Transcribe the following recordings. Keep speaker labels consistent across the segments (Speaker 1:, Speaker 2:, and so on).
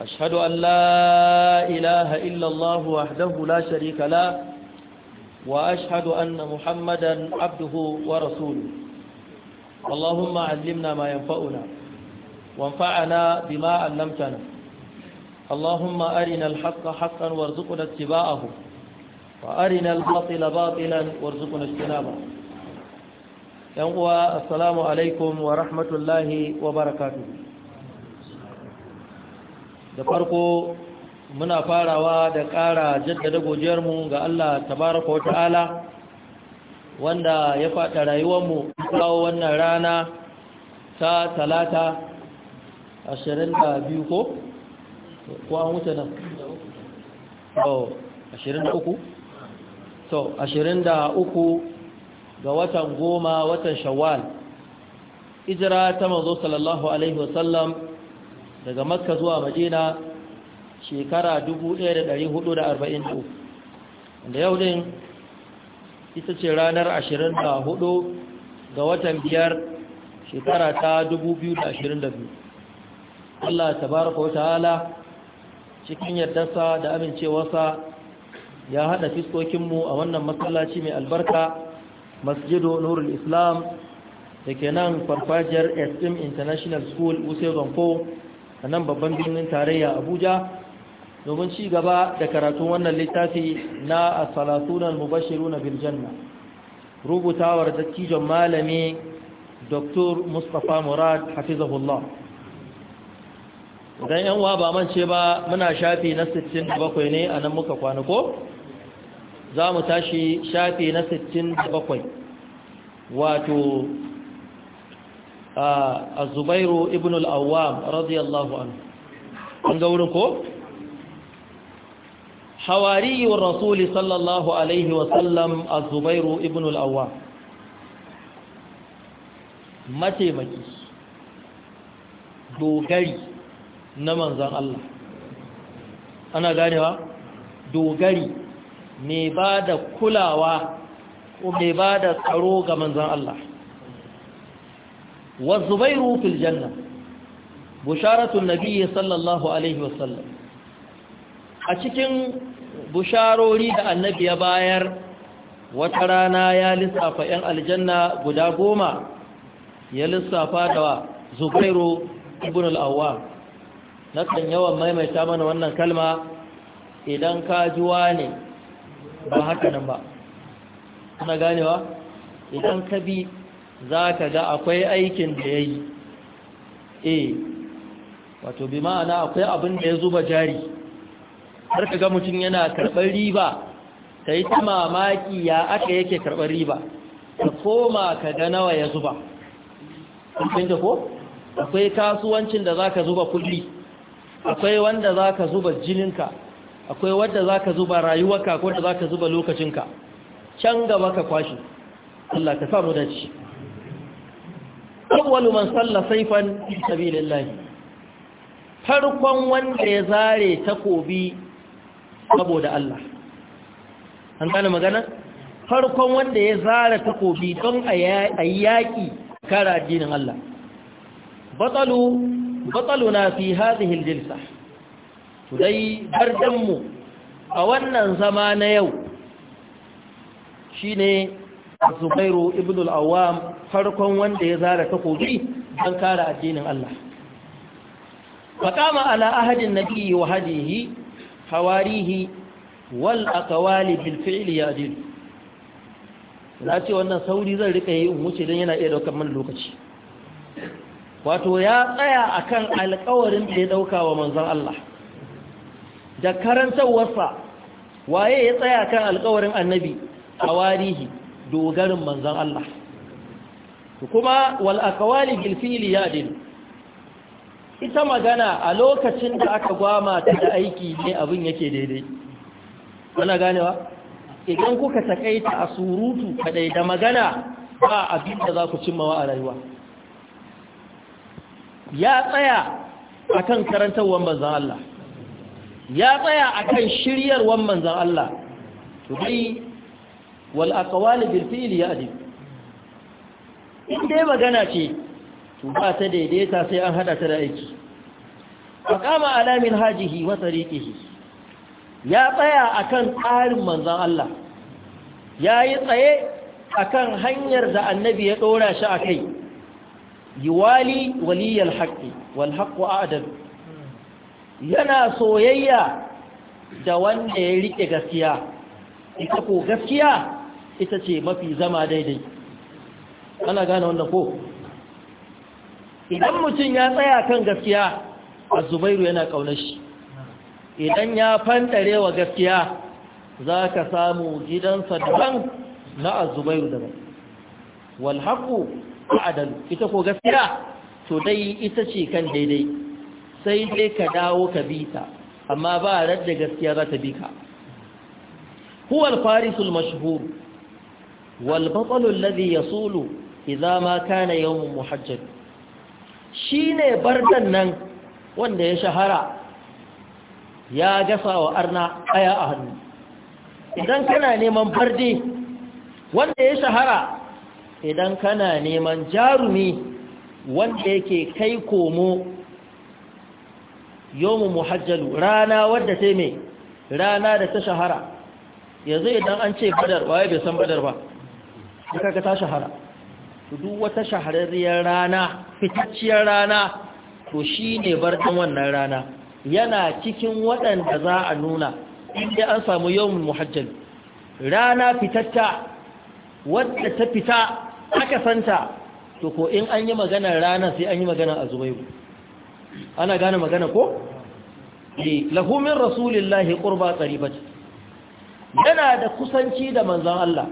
Speaker 1: أشهد أن لا إله إلا الله وحده لا شريك له وأشهد أن محمدا عبده ورسوله اللهم علمنا ما ينفعنا وانفعنا بما علمتنا اللهم أرنا الحق حقا وارزقنا اتباعه وأرنا الباطل باطلا وارزقنا اجتنابه ينقوى السلام عليكم ورحمة الله وبركاته da farko muna farawa da ƙara jaddada gojiyarmu ga Allah tabaraka wata'ala wanda ya faɗa rayuwarmu kawo wannan rana ta talata 22 ko? ko wuce nan? oh 23? so 23 ga watan goma watan shawwal ijira ta manzo sallallahu alaihi wasallam daga makka zuwa madina shekara 1443 da yau din ita ce ranar 24 ga watan biyar shekara ta 2022 Allah ta tabaraka wata'ala cikin yardarsa da amincewarsa ya hada fiskokinmu a wannan masallaci mai albarka masjido nurul islam da ke nan farfajiyar sm international school usai zanko a nan babban birnin tarayya abuja domin ci gaba da karatun wannan littafi na asalatunan mubashiru na biljanna rubutawar dattijon malami dr mustapha murad hafizahullah idan yan ba mance ba muna shafi na 67 ne a nan muka kwana ko za mu tashi shafi na 67 wato azubairu ibn al'awam radiyallahu anhu an ga wurin ko? hawariyun rasuli sallallahu alaihi wasallam ibn mataimaki dogari na manzan Allah ana ganewa dogari mai ba da kulawa ko mai tsaro ga manzan Allah والزبير في الجنه بشاره النبي صلى الله عليه وسلم اчикин بشارori da annabi ya bayar wata rana ya lissafa yan aljanna guda goma ya lissafa da zubairu ibn awwam na kan yawan maimaita mana wannan kalma idan ka ne ba haka nan ba kuma ganewa idan ka bi za ka ga akwai aikin da ya yi e wato bi ma'ana akwai abin da ya zuba jari har ka ga mutum yana karɓar riba ka yi ta mamaki ya aka yake karɓar riba ka koma ka ga nawa ya zuba kun da ko akwai kasuwancin da za ka zuba kulli, akwai wanda za ka zuba jininka akwai wanda za ka zuba rayuwarka akwai wanda za ka zuba lokacinka can gaba ka kwashe Allah ka samu dace awwalu man salla saifan fi sabilillah farkon wanda ya zare takobi saboda Allah an gane magana farkon wanda ya zare takobi don a yaƙi kara addinin Allah batalu na fi hadhihi aljilsa tudai bardanmu a wannan zama na yau shine Zubairu ibn al-Awwam farkon wanda ya zara takobi don kare addinin Allah faƙama ala ahadin nabiyyi wa hadihi hawarihi wal aqwali bil ya yadil na ce wannan sauri zan rika yi in wuce don yana iya daukar mana lokaci wato ya tsaya akan alkawarin da ya dauka wa manzon Allah da karantarwarsa, waye ya tsaya kan alkawarin annabi hawarihi dogarin manzon Allah kuma wal aqwali bil fi'li yadin ita magana a lokacin da aka gwama ta da aiki ne abin yake daidai wannan ganewa idan kuka takaita a surutu kadai da magana ba abin da za ku cimmawa a rayuwa ya tsaya akan karantawar manzon Allah ya tsaya akan shiryarwar manzon Allah to bai wal aqwali bil fi'li yadin in dai magana ce to ba ta daidaita sai an hada ta da aiki A ala min hajihi wa tariqihi ya tsaya a kan tsarin manzon Allah Ya yi tsaye akan hanyar da annabi ya ɗora shi akai wali waliyal haqqi wal haqqu a'dad yana soyayya da wanda ya riƙe gaskiya ita ko gaskiya ita ce mafi zama daidai ana gane wannan ko idan mutum ya tsaya kan gaskiya a zubairu yana ƙaunar shi idan ya fantare wa gaskiya za ka samu gidansa daban na a zubairu daban walhaku adalu ita ko gaskiya to dai ita ce kan daidai sai dai ka dawo ka bi ta amma ba radda gaskiya za ta bi ka Huwar farisul mashhur wal batalul ladhi idza ma kana yawmun Shi ne bardan nan wanda ya shahara ya gasa wa arna aya a hannu idan kana neman barde wanda ya shahara idan kana neman jarumi wanda yake kai komo yawmu muhajjalu rana wadda ta mai rana da ta shahara yanzu idan an ce badar waye bai san badar ba duka ka ta shahara to duk wata shahararriyar rana fitacciyar rana to shi ne barkan wannan rana yana cikin waɗanda za a nuna inda an samu yawon muhajjal rana fitatta wadda ta fita aka santa to ko in an yi maganar rana sai an yi maganar a zubaibu ana gane magana ko? Eh, lahumin rasulillahi ƙurba tsaribat yana da kusanci da manzan Allah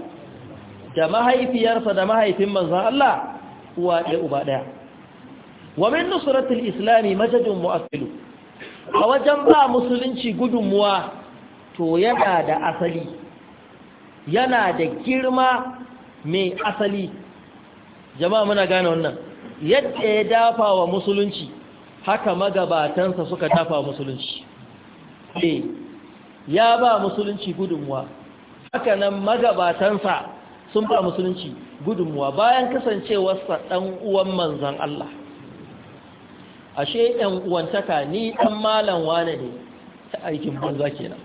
Speaker 1: da mahaifiyarsa da mahaifin manzan Allah uwa ɗaya uba ɗaya Wamin nusratul islami majajin mu'afilu, a wajen ba musulunci gudunmuwa to yana da asali yana da girma mai asali jama'a muna gane wannan yadda ya dafa wa musulunci haka magabatansa suka dafa wa musulunci eh, ya ba musulunci gudunmuwa haka nan magabatansa sun ba musulunci gudunmuwa bayan kasancewarsa ɗan uwan manzan Allah ashe ɗan uwantaka ni ɗan malan wane ne ta aikin banza kenan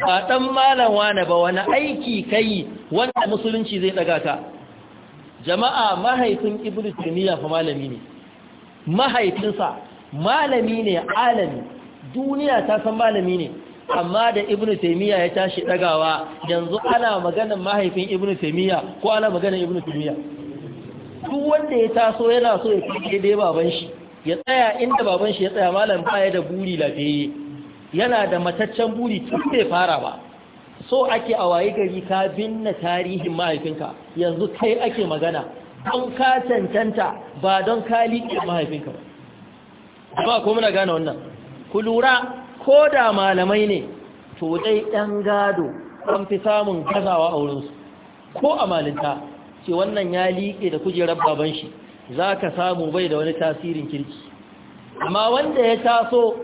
Speaker 1: ba ɗan malan wane ba wani aiki kai wanda musulunci zai ɗaga ka jama'a mahaifin ibnu taymiya fa malami ne mahaifinsa malami ne alami duniya ta san malami ne amma da ibn taymiya ya tashi dagawa yanzu ana maganar mahaifin ibn taymiya ko ana maganar ibn taymiya duk wanda ya taso yana so ya kike dai baban shi ya tsaya inda baban shi ya tsaya malam baya da buri lafiye yana da mataccen buri tun bai fara ba so ake a waye gari ka binne tarihin mahaifinka yanzu kai ake magana don ka cancanta ba don ka liƙe mahaifinka ba ba ko muna gane wannan ku lura ko da malamai ne to dai ɗan gado an fi samun gazawa a wurinsu ko a malinta ce wannan ya liƙe da kujerar baban shi za ka samu bai da wani tasirin kirki amma wanda ya taso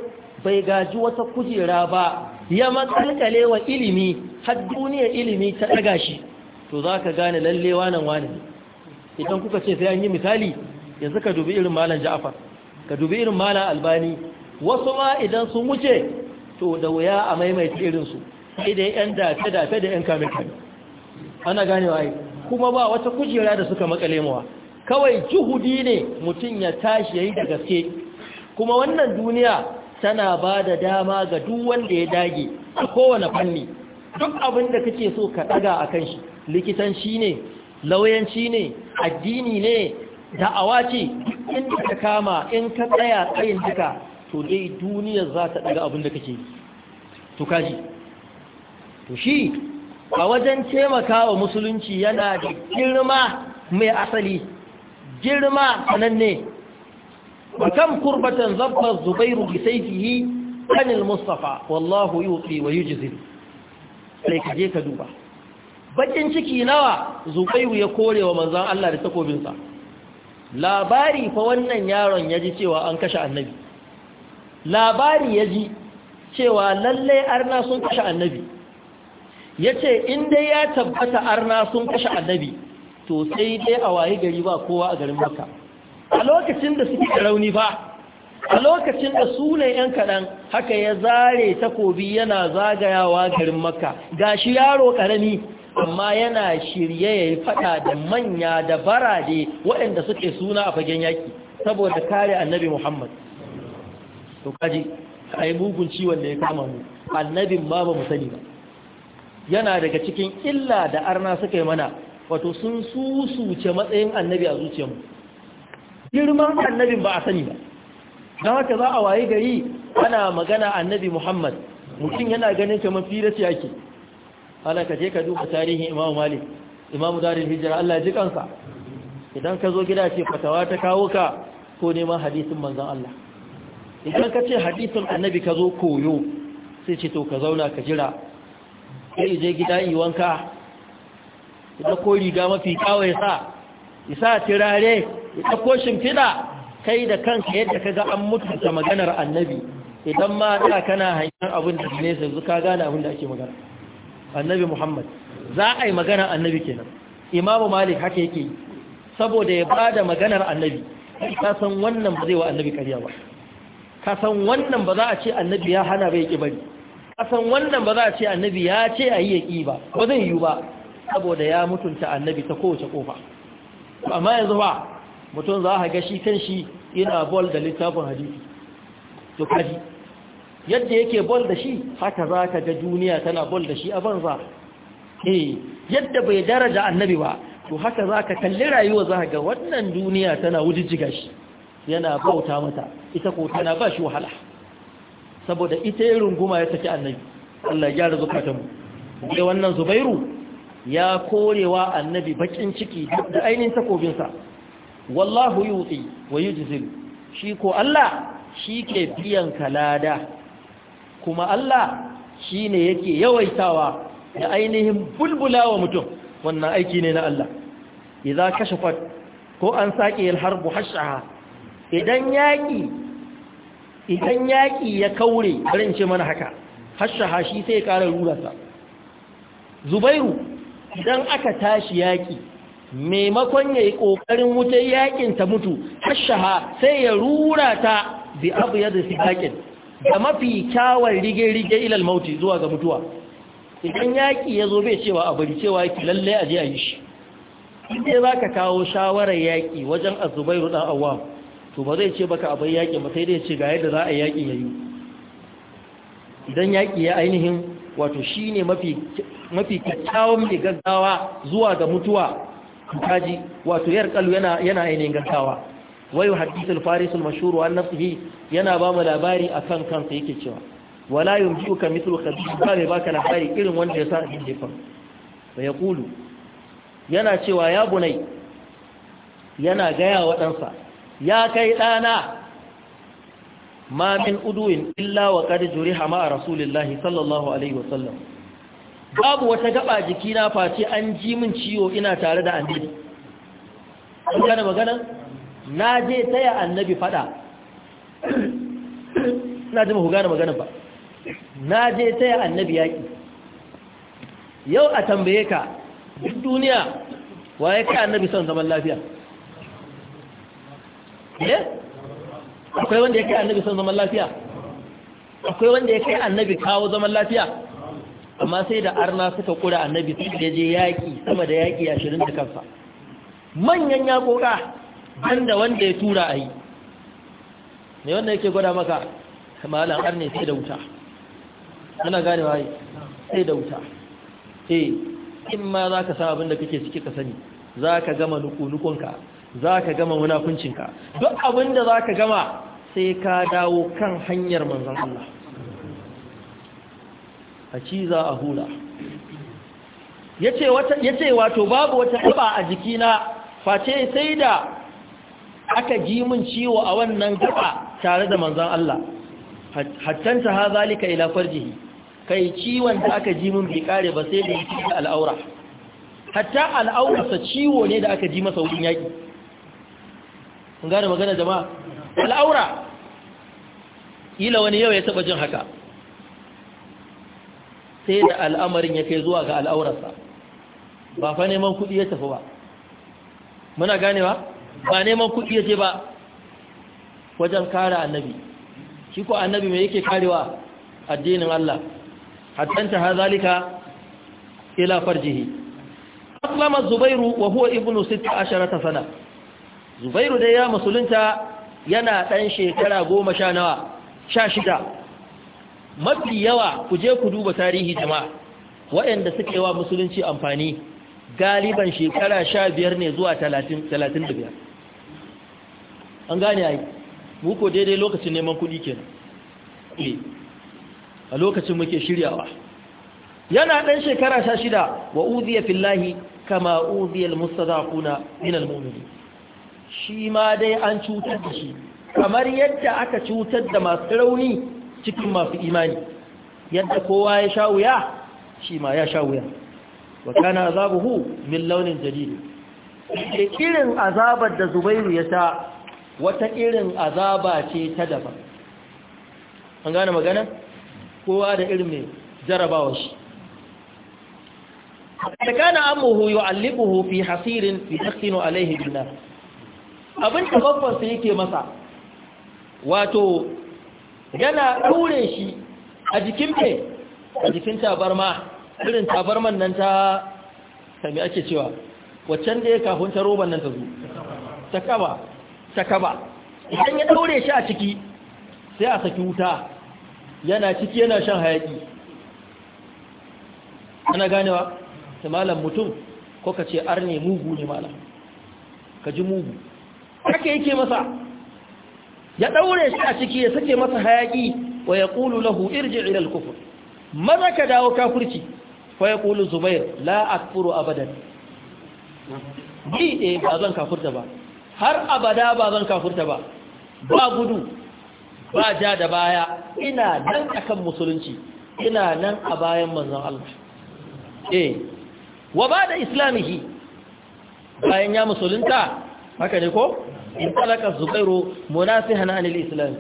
Speaker 1: bai gaji wata kujera ba ya matsalkale wa ilimi har duniya ilimi ta ɗaga shi to za ka gane lalle wanan wani idan kuka ce sai an yi misali yanzu ka dubi irin malan ja'afar ka dubi irin malan albani wasu ma idan sun wuce to da wuya a maimaita irinsu sai dai yan dafe-dafe da yan kame ana ganewa ai kuma ba wata kujera da suka makale mawa kawai juhudi ne mutum ya tashi ya yi da gaske kuma wannan duniya tana ba da dama ga duk wanda ya dage a kowane fanni duk abin da kake so ka daga a kan shi likitanci ne lauyanci ne addini ne da awaci in ka kama in ka tsaya tsayin duka to dai duniyar za ta ɗaga abin da kake to kaji to shi a wajen taimakawa musulunci yana da girma mai asali girma ne? wa kam kurbatan zabba zubairu bi sayfihi anil mustafa wallahu yuti wa yujzi sai ka je ka duba bakin ciki nawa zubairu ya kore wa manzon Allah da takobinsa labari fa wannan yaron ya ji cewa an kashe annabi labari ya ji cewa lallai arna sun kashe annabi ya ce inda ya tabbata arna sun kashe annabi to sai dai a waye gari ba kowa a garin maka a lokacin da suke rauni ba a lokacin da su yan kaɗan haka ya zare takobi yana zagayawa garin maka ga shi yaro ƙarami amma yana shirye ya yi faɗa da manya da barade waɗanda suke suna a fagen yaƙi saboda kare annabi muhammad to kaji ai mugun ciwon da ya kama mu annabin ma ba mu sani ba yana daga cikin illa da arna suka yi mana wato sun susuce matsayin annabi a zuciyarmu girman annabin ba a sani ba don haka za a waye gari ana magana annabi muhammad mutum yana ganin kamar firasi yake ala ka je ka duba tarihin imamu malik imamu darin hijira allah ji kansa idan ka zo gida ce fatawa ta kawo ka ko neman hadisin manzan allah idan ka ce hadisin annabi ka zo koyo sai ce to ka zauna ka jira sai je gida yi wanka ya ko riga mafi kawo ya sa ya sa tirare ya shimfiɗa kai da kanka yadda ka ga an mutunta maganar annabi idan ma da kana hanyar abin da ne sai ka gane abin da ake magana annabi muhammad za a yi magana annabi kenan imamu malik haka yake saboda ya ba da maganar annabi ka san wannan ba zai wa annabi karya ba kasan wannan ba za a ce annabi ya hana bai ƙi bari kasan wannan ba za a ce annabi ya ce a yi ya ki ba ba zai yi ba saboda ya mutunta annabi ta kowace kofa amma yanzu ba mutum za a ga shi kan shi yana bol da littafin hadisi to kaji yadda yake bol da shi haka za ka ga duniya tana bol da shi a banza eh yadda bai daraja annabi ba to haka za ka kalli rayuwa za ga wannan duniya tana wujijjiga shi yana bauta mata ita ko tana ba shi wahala saboda ita ya runguma ya saki annabi Allah ya gyara zukatanmu da wannan zubairu ya korewa annabi bakin ciki da ainihin takobinsa wallahu yuti wa yujzil shi ko Allah shi ke biyan kalada kuma Allah shi ne yake yawaitawa da ainihin bulbulawa mutum wannan aiki ne na Allah idza kashafat ko an saqi al-harbu hashaha idan yaƙi idan yaƙi ya kaure barin ce mana haka hasha hashi sai ya ƙara rurasa zubairu idan aka tashi yaƙi maimakon ya yi ƙoƙarin wutar yaƙin ta mutu hasha ha sai ya rura ta bi abu ya su yaƙin da mafi kyawar rige-rige ilal mauti zuwa ga mutuwa idan yaƙi ya zo bai cewa a bari cewa yake lallai a je a yi shi inda za ka kawo shawarar yaƙi wajen azubairu ɗan awam to ba zai ce baka abai yaƙi ba sai dai ce ga yadda za a yaƙi ya yi idan yaƙi ya ainihin wato shi ne mafi kyakkyawan mai gaggawa zuwa ga mutuwa kaji wato yar kalu yana ainihin gaggawa wayo hadisul farisul mashuru an nafsihi yana ba mu labari akan kansa yake cewa wala ka mithlu khabir ba mai baka labari irin wanda ya sa a jefan ya Kulu yana cewa ya bunai yana gaya wa ɗansa ya kai ɗana ma min uduwin illa wa ƙar juri hama a rasulillahi sallallahu alaihi wasallam babu wata gaba jikina face an ji min ciwo ina tare da annabi an gane magana na je taya annabi fada na ji mu gane magana ba na je taya annabi yaƙi yau a tambaye ka duk duniya wa ya annabi son zaman lafiya Eh? akwai wanda ya kai annabi son zaman lafiya akwai wanda ya kai annabi kawo zaman lafiya amma sai da arna suka kura annabi su da je yaƙi sama da yaƙi ashirin da kansa manyan ya koka da wanda ya tura a yi ne wanda yake gwada maka malam arne sai da wuta ana gane waye sai da wuta eh in ma za ka sa abin da kake suke ka sani za ka gama nukunukunka za ka gama munafuncinka duk abinda za ka gama sai ka dawo kan hanyar manzan Allah a ciza a hula ya ce wato babu wata gaba a jikina face sai da aka ji min ciwo a wannan gaba tare da manzan Allah hattanta ha zalika ila farjihi kai ciwon da aka ji min bai kare ba sai da yake al'aura hatta al'aurarsa ciwo ne da aka ji masa wurin yaki kun gane magana jama'a al'aura ila wani yau ya taba jin haka sai da al'amarin ya kai zuwa ga al'aurarsa ba fa neman kuɗi ya tafi ba muna gane ba Ba neman kuɗi ya ce ba wajen kare annabi shi ko annabi mai yake karewa addinin Allah hattanta ha zalika ila farjihi aslama zubairu wa huwa ibnu 16 sana zubairu dai ya musulunta yana ɗan shekara goma sha nawa sha shida mafi yawa ku je ku duba tarihi jama'a waɗanda suke wa musulunci amfani galiban shekara sha biyar ne zuwa talatin da biyar an gane Mu muku daidai lokacin neman kuɗi kenan eh, a lokacin muke shiryawa yana ɗan shekara sha shida wa uziya fillahi kama uziyar kuna minal mu'minin shi ma dai an cutar da shi kamar yadda aka cutar da masu rauni cikin masu imani yadda kowa ya sha wuya shi ma ya sha wuya wa kana azabuhu min launin jadid da irin azabar da zubairu ya sa wata irin azaba ce ta daban an gane magana kowa da irin mai jarabawa shi da kana amuhu yu'allibuhu fi hasirin yusakkinu alaihi bin nar abin da sa yake masa wato yana ɗaure shi a jikin fe a jikin tabarma irin tabarman nan ta sami ake cewa waccan da ya kafin ta roban nan ta zo ta kaba ta kaba idan ya ɗaure shi a ciki sai a saki wuta yana ciki yana shan hayaki ana ganewa ta malam mutum ko ka ce arne mugu ne malam ka ji mugu haka yake masa ya daure shi a ciki ya sake masa hayaki wa kulu lahu irji ila al-kufr maza ka dawo kafirci fa kulu zubair la akfuru abadan bi eh ba zan kafirta ba har abada ba zan kafirta ba ba gudu ba ja da baya ina nan akan musulunci ina nan a bayan manzon Allah eh wa ba da islamihi bayan ya musulunta haka ne ko in talaka zubairu munasihan anil islam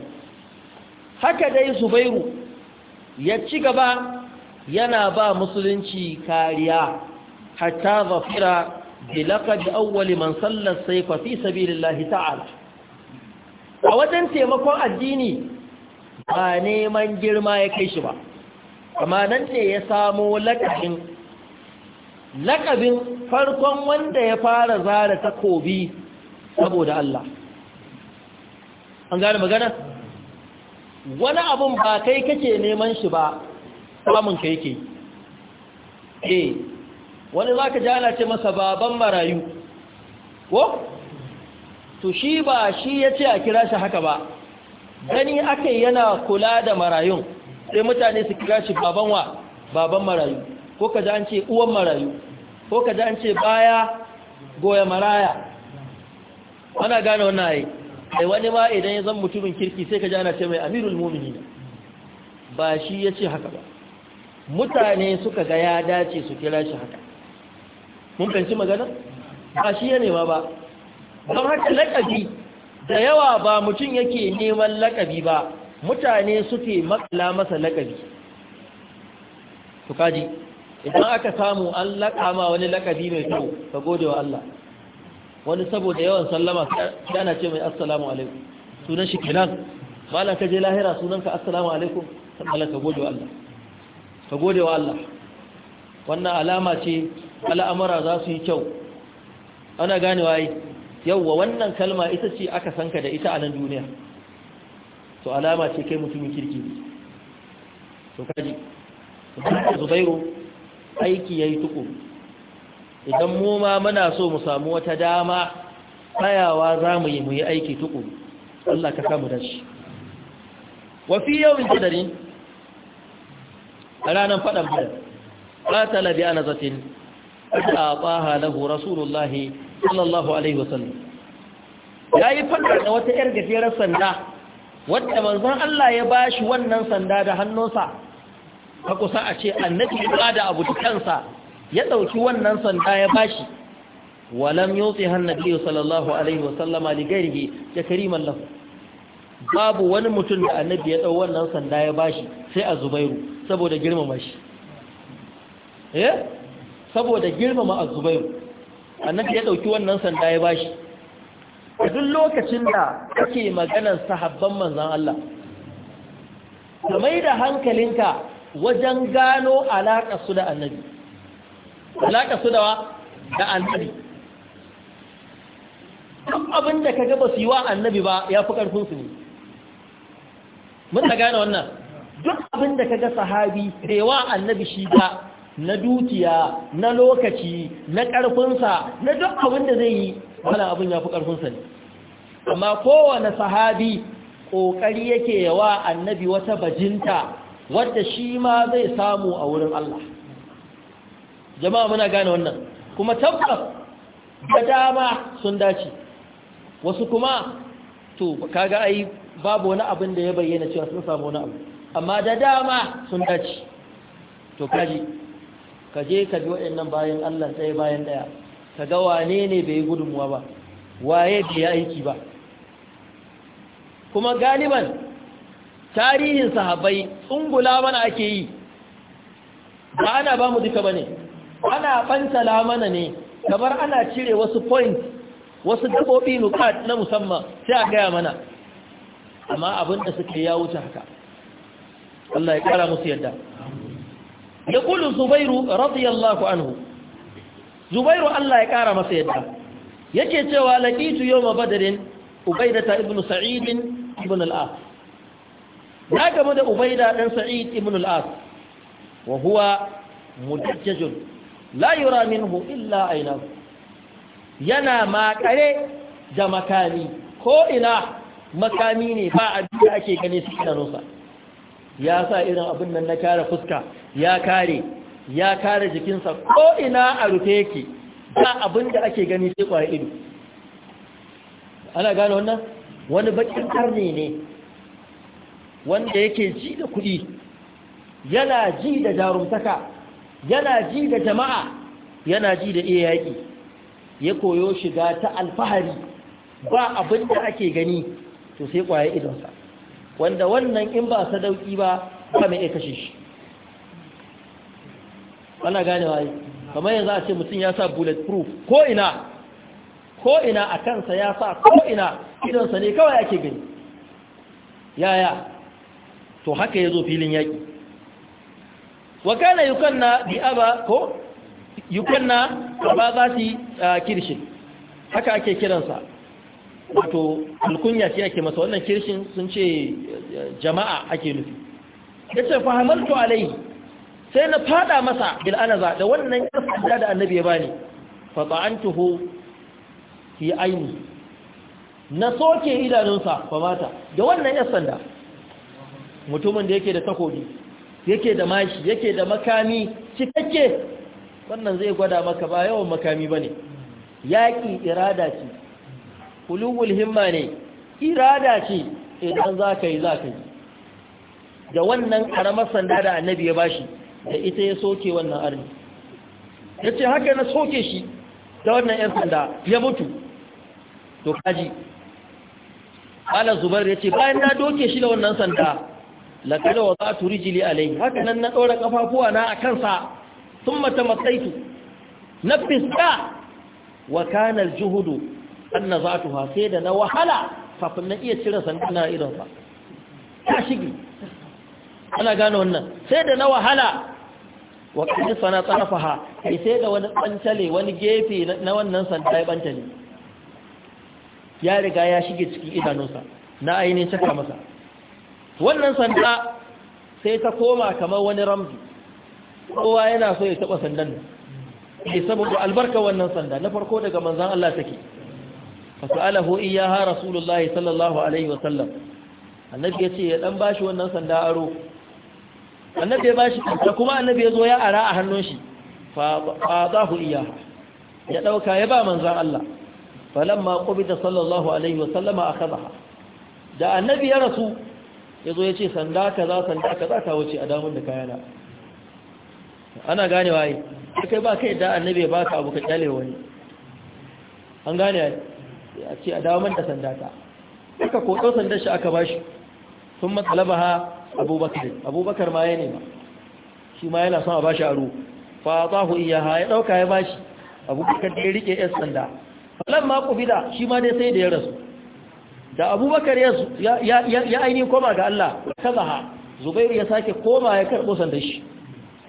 Speaker 1: haka dai zubairu ya ci gaba yana ba musulunci kariya hatta zafira bi laqad awwal man salla sayfa fi sabilillahi ta'ala a wajen taimakon addini ba neman girma ya kai shi ba amma nan ne ya samo lakabin lakabin farkon wanda ya fara zara takobi saboda Allah an gane magana wani abun ba kai kake neman shi ba samun ka yake eh wani za ka jana ce masa baban marayu ko? to shi ba shi ya ce a kira shi haka ba
Speaker 2: gani aka yana
Speaker 1: kula da marayun sai mutane su kira shi baban wa baban marayu ko ka ji an ce uwan marayu ko ka ji an ce baya goya maraya ana gane wannan ai ai wani ma idan ya zan mutumin kirki sai ka ji ana ce mai amirul mu'minin ba shi ya ce haka ba mutane suka ga ya dace su kira shi haka mun fahimci magana ba shi ya nema ba don haka lakabi da yawa ba mutum yake neman lakabi ba mutane suke makala masa lakabi to kaji idan aka samu an lakama ma wani lakabi mai kyau ka gode wa Allah wani saboda yawan sallama kana ce mai assalamu alaikum sunan shi kenan malan ka je lahira sunan ka assalamu alaikum sannan ka gode wa Allah ka gode wa Allah wannan alama ce al'amura za su yi kyau ana gane wai yauwa wannan kalma ita ce aka sanka da ita a nan duniya to alama ce kai mutumin kirki to kaji zubairu aiki yayi tukuru idan mu ma muna so mu samu wata dama tsayawa za mu yi mu aiki tukun. Allah ka samu dashi wafi yawon jadarin a ranar faɗan bada ƙatala biya na zatin a ɓaha lahu rasulullahi sallallahu alaihi wasallam ya yi faɗa da wata ‘yar gajerar sanda wadda manzan Allah ya ba shi wannan sanda da hannunsa ka kusa a ce annabi ba da abu da kansa ya ɗauki wannan sanda ya bashi walam yotsi hannabi sallallahu alaihi wasallama ligairihi ya kariman lafi babu wani mutum da annabi ya ɗau wannan sanda ya bashi sai a zubairu saboda girmama shi eh saboda girmama a zubairu annabi ya ɗauki wannan sanda ya bashi a duk lokacin da kake maganar sahabban manzan Allah ka mai da hankalinka wajen gano alaƙa su da annabi alaƙa su da da annabi duk abin da ka gaba su yi wa annabi ba ya fi ƙarfin su ne mun gane wannan duk abin da ka ga sahabi rewa annabi shi ba na dukiya na lokaci na ƙarfinsa na duk abin da zai yi wani abin ya fi ƙarfinsa ne amma kowane sahabi ƙoƙari yake yawa annabi wata bajinta wadda shi ma zai samu a wurin Allah jama'a muna gane wannan kuma tabbas da dama sun dace wasu kuma to kaga ai babu wani abin da ya bayyana cewa sun samu wani abu amma da dama sun dace to kaji ka ka bi waɗannan bayan Allah sai bayan ɗaya ka ga wane ne bai yi gudunmuwa ba waye bai yi aiki ba kuma galiban tarihin sahabbai tsungula mana ake yi ba ana ba mu duka ba ne ana fantala mana ne kamar ana cire wasu points wasu gabobi nukat na musamman sai a gaya mana amma abinda suke ya wuce haka Allah ya kara musu yadda ya kulu zubairu radiyallahu anhu zubairu Allah ya kara masa yadda yake cewa laqitu yawma badrin ubaidata ibn sa'id ibn al-as ya gamu da ubaida dan sa'id ibn al-as wa huwa mudajjajun la yura minhu illa aina yana makare da makami ko ina makami ne ba abin da ake gane su idanunsa ya sa irin abin nan na kare fuska ya kare ya kare jikinsa ko ina a rufe yake ba abin da ake gani sai kwaye ido ana gane wannan wani bakin karni ne wanda yake ji da kuɗi yana ji da jarumtaka yana ji da jama'a yana ji da iya yaƙi ya koyo shiga ta alfahari ba abin da ake gani to sai kwaye idonsa wanda wannan in ba sadauki ba ba mai aika shi ana gane yi kamar yanzu a ce mutum ya sa bulletproof ko ina ko ina a kansa ya sa ko ina idonsa ne kawai ake gani yaya to haka ya zo filin yaƙi wa kana yukanna bi aba ko yukanna aba su kirshin haka ake kiransa wato alkunya ce ake masa wannan kirshin sun ce jama'a ake nufi Ya yace fahamaltu alai sai na fada masa bil anaza da wannan kasada da annabi ya bani an tuho fi aini na soke idanunsa fa mata da wannan sanda mutumin da yake da takobi yake da mashi yake da makami cikakke wannan zai gwada maka ba yawan makami ba ne irada ce kulubul himma ne irada ce idan za ka yi za ka yi da wannan ƙaramar sanda da annabi ya bashi da ita ya soke wannan arni ya ce haka na soke shi da wannan 'yan sanda ya mutu to kaji ala zubar ya ce bayan na doke shi da wannan sanda za laqad wada'tu rijli alayhi haka nan na ɗaura kafafuwa na kansa sun mata matsaitu. na fiska wa kana aljuhdu an nazatuha sai da na wahala kafin na iya cire sanduna na idan fa ta shigi ana gane wannan sai da na wahala wa kana sana tarafaha sai sai da wani bantale wani gefe na wannan sanda ya bantale ya riga ya shige cikin idanunsa na ainihin caka masa wannan sanda sai ta koma kamar wani ramzi kowa yana so ya taba sandan ne eh, saboda albarka wannan sanda na farko daga manzan Allah take fasa'alahu iyyaha rasulullahi sallallahu alaihi wa sallam annabi yace ya dan bashi wannan sanda aro annabi ya bashi da kuma annabi yazo ya ara a hannun shi fa qadahu iyyaha ya dauka ya ba manzan Allah falamma qubida sallallahu alaihi wa sallama akhadha da annabi ya rasu ya zo ya ce sanda kaza sanda za ka wuce a damun da kayana ana gane waye kai ba kai da annabi ba ka abu ka kyale wani an gane a ce a damun da sanda ta aka koto sandar shi aka bashi sun matsalaba ha abubakar abubakar ma ya nema shi ma yana son a shi aro fa za ku iya ha ya ɗauka ya bashi abubakar da ya rike yan sanda falan ma ƙubida shi ma dai sai da ya rasu da abubakar ya aini koma ga Allah ta zaha zubairu ya sake koma ya karɓo sandashi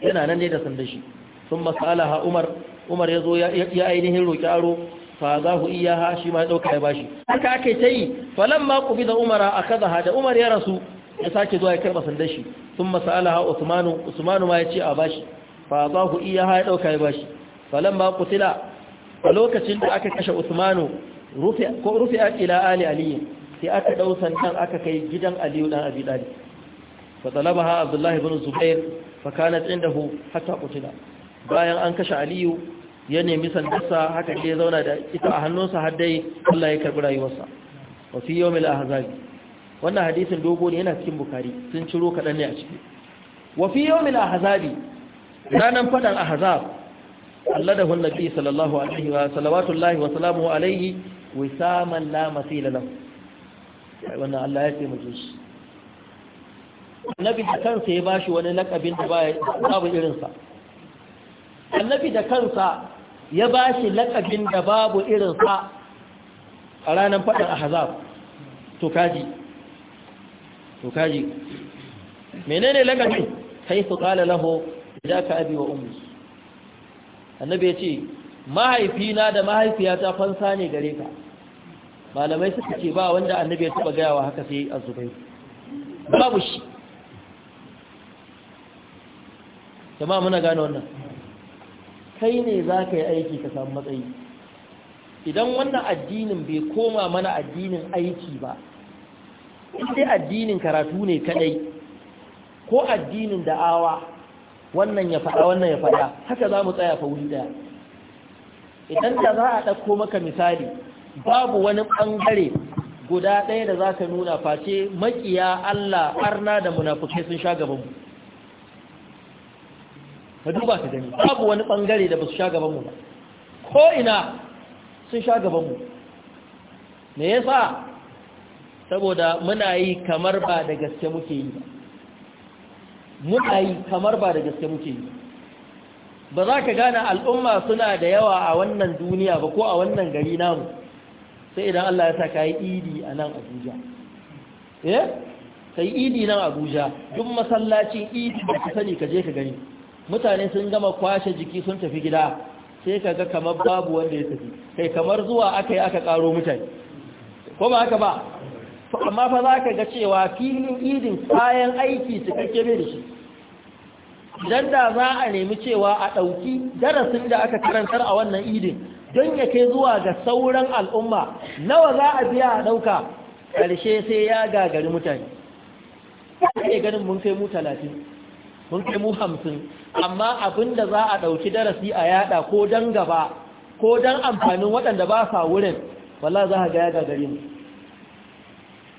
Speaker 1: yana nan ne da sandashi sun masalaha umar umar ya zo ya ainihin roƙi aro fa za ku iya ha shi ma ya ɗauka ya bashi haka ake ta yi falon ma ku da umara a kaza ha da umar ya rasu ya sake zuwa ya karɓa sandashi sun masalaha usmanu usmanu ma ya ce a bashi fa za ku iya ha ya ɗauka ya bashi falon ma ku tila a lokacin da aka kashe usmanu rufi'at ila ali aliyu sai aka ɗau sandan aka kai gidan aliyu ɗan abi ɗali fa ha abdullahi bin zubair fa kanat indahu hatta qutila bayan an kashe aliyu ya nemi sandarsa haka ke zauna da ita a hannunsa har dai Allah ya karbi rayuwarsa wa fi yawmil ahzab wannan hadisin dogo ne yana cikin bukari sun ciro kaɗan ne a ciki wa fi yawmil ahzab ranan fadan ahzab Allah da hunnabi sallallahu alaihi wa sallamatullahi wa salamuhu alaihi wisaman la masila lahu wannan Allah ya taimake shi annabi da kansa ya bashi wani lakabin da babu irinsa annabi da kansa ya bashi lakabin da babu a ranar fadin ahzab to kaji to kaji menene lakabin haifu qala lahu idaka abi wa ummi annabi ya ce mahaifina da mahaifiyata fansa ne gare ka malamai suka ce ba wanda annabi ya taba gayawa haka sai azubai babu shi kuma muna gane wannan kai ne za ka yi aiki ka samu matsayi idan wannan addinin bai koma mana addinin aiki ba
Speaker 2: dai addinin
Speaker 1: karatu ne kadai ko addinin da'awa wannan ya faɗa wannan ya faɗa haka za mu tsaya fa wuri daya idan da za a ɗauko maka misali babu wani ɓangare guda ɗaya da za ka nuna face maƙiya Allah arna da munafukai sun sha gabanmu ka duba ka gani babu wani ɓangare da ba su sha gabanmu ba ko ina sun sha gabanmu me yasa saboda muna yi kamar ba da gaske muke yi muna yi kamar ba da gaske muke yi ba za ka gane al'umma suna da yawa a wannan duniya ba ko a wannan gari namu sai idan Allah ya sa ka yi idi a nan abuja eh ka yi idi nan abuja duk masallacin idi ba ka sani ka je ka gani mutane sun gama kwashe jiki sun tafi gida sai ka ga kamar babu wanda ya tafi kai kamar zuwa aka yi aka karo mutane ko ba haka ba amma fa za ka ga cewa filin idin kayan aiki cikakke ne da shi idan da za a nemi cewa a ɗauki darasin da aka karantar a wannan idin don ya kai zuwa ga sauran al'umma nawa za a biya a ɗauka ƙarshe sai ya gagari mutane ake ganin mun kai mu talatin mun kai mu hamsin amma abin da za a ɗauki darasi a yada ko don gaba ko don amfanin waɗanda ba sa wurin wallah za a ga ya gagari mu